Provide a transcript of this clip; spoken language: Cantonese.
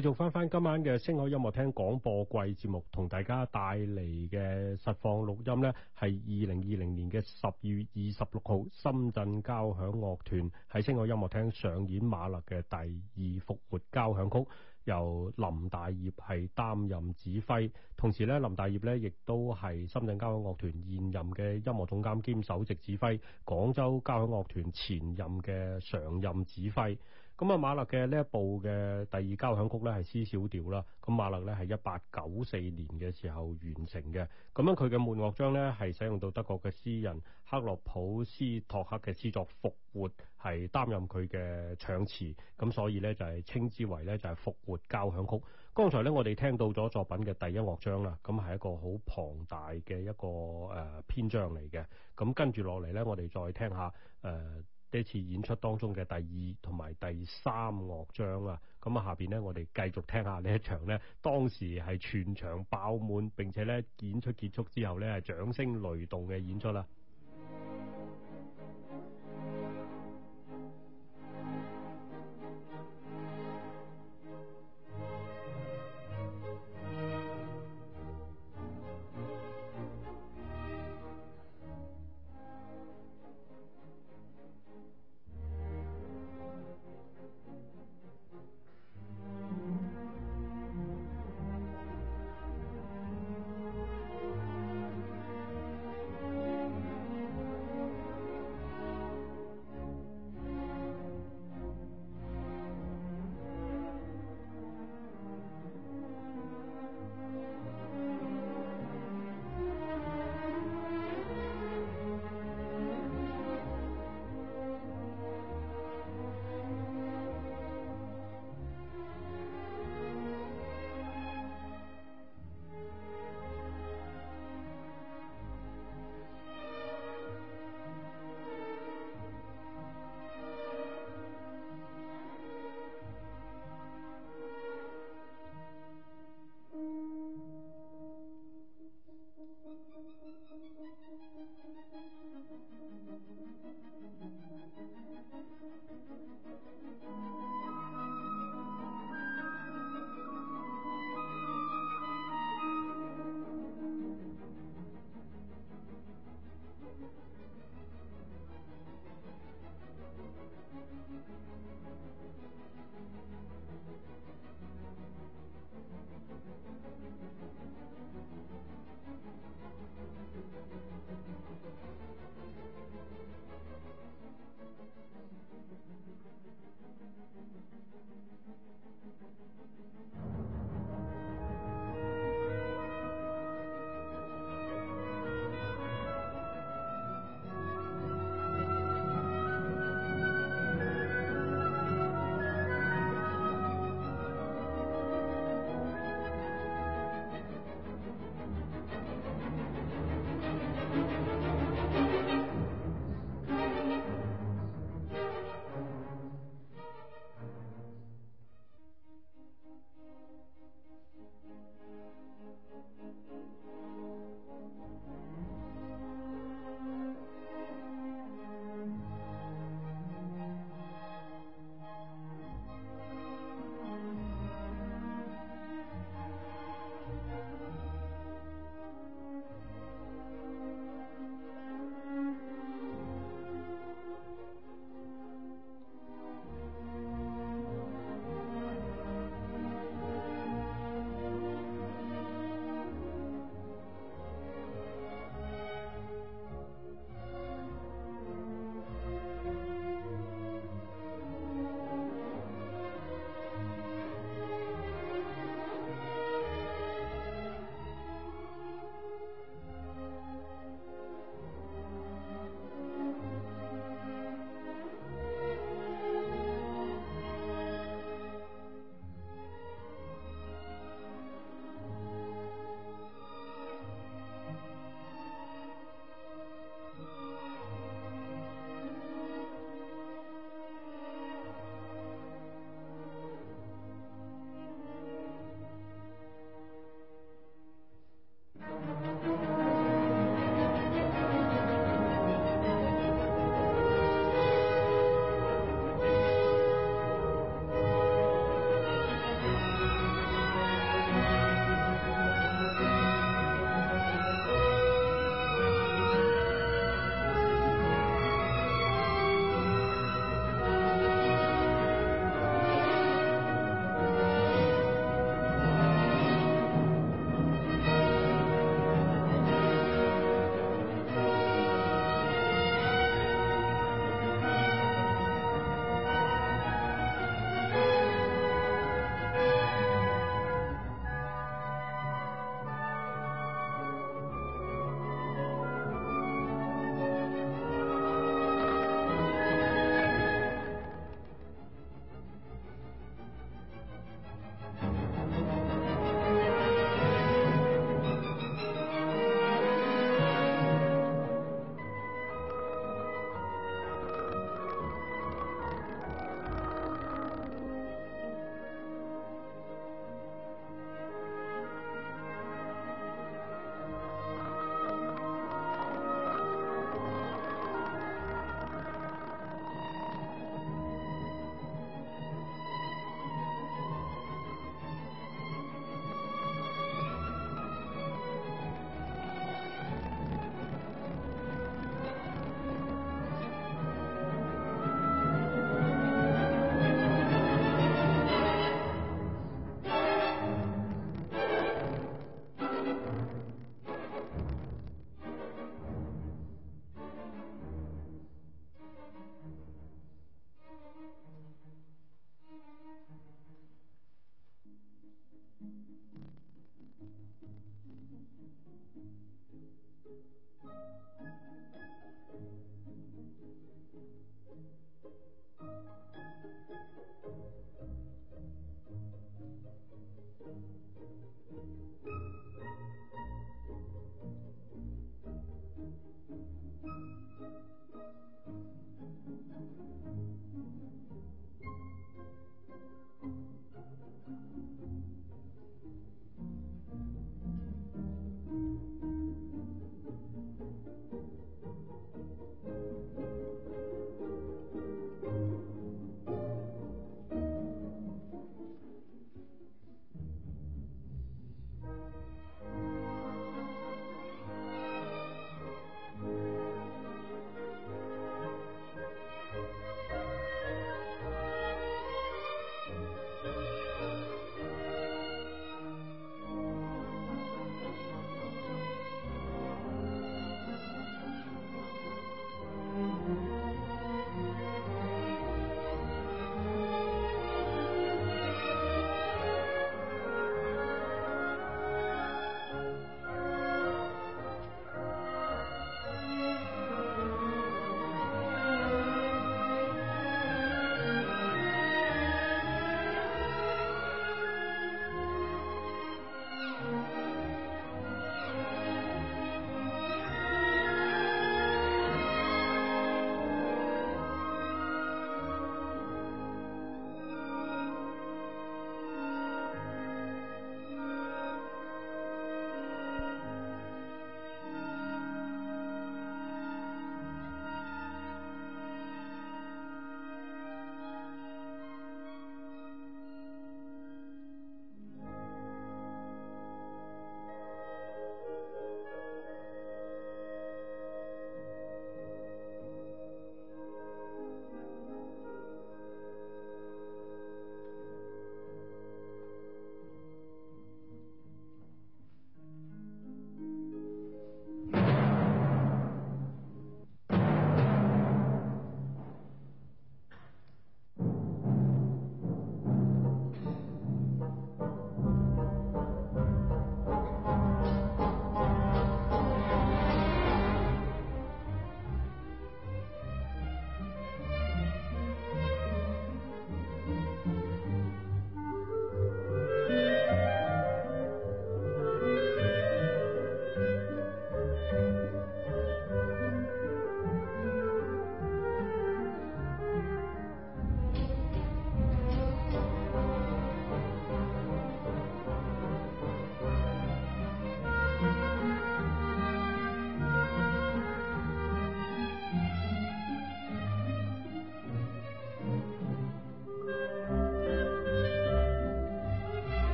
繼續翻翻今晚嘅星海音樂廳廣播季節目，同大家帶嚟嘅實況錄音呢，係二零二零年嘅十二月二十六號，深圳交響樂團喺星海音樂廳上演馬勒嘅第二復活交響曲，由林大葉係擔任指揮。同時呢，林大葉呢亦都係深圳交響樂團現任嘅音樂總監兼首席指揮，廣州交響樂團前任嘅常任指揮。咁啊，馬勒嘅呢一部嘅第二交響曲咧，係 C 小調啦。咁馬勒咧係一八九四年嘅時候完成嘅。咁樣佢嘅末樂章咧，係使用到德國嘅詩人克洛普斯托克嘅詩作《復活》，係擔任佢嘅唱詞。咁所以咧就係稱之為咧就係《復活交響曲》。剛才咧我哋聽到咗作品嘅第一樂章啦，咁係一個好龐大嘅一個誒、呃、篇章嚟嘅。咁跟住落嚟咧，我哋再聽下誒。呃呢次演出當中嘅第二同埋第三樂章啊，咁啊，下邊咧，我哋繼續聽下呢一場咧，當時係全場爆滿，並且咧演出結束之後咧，係掌聲雷動嘅演出啦。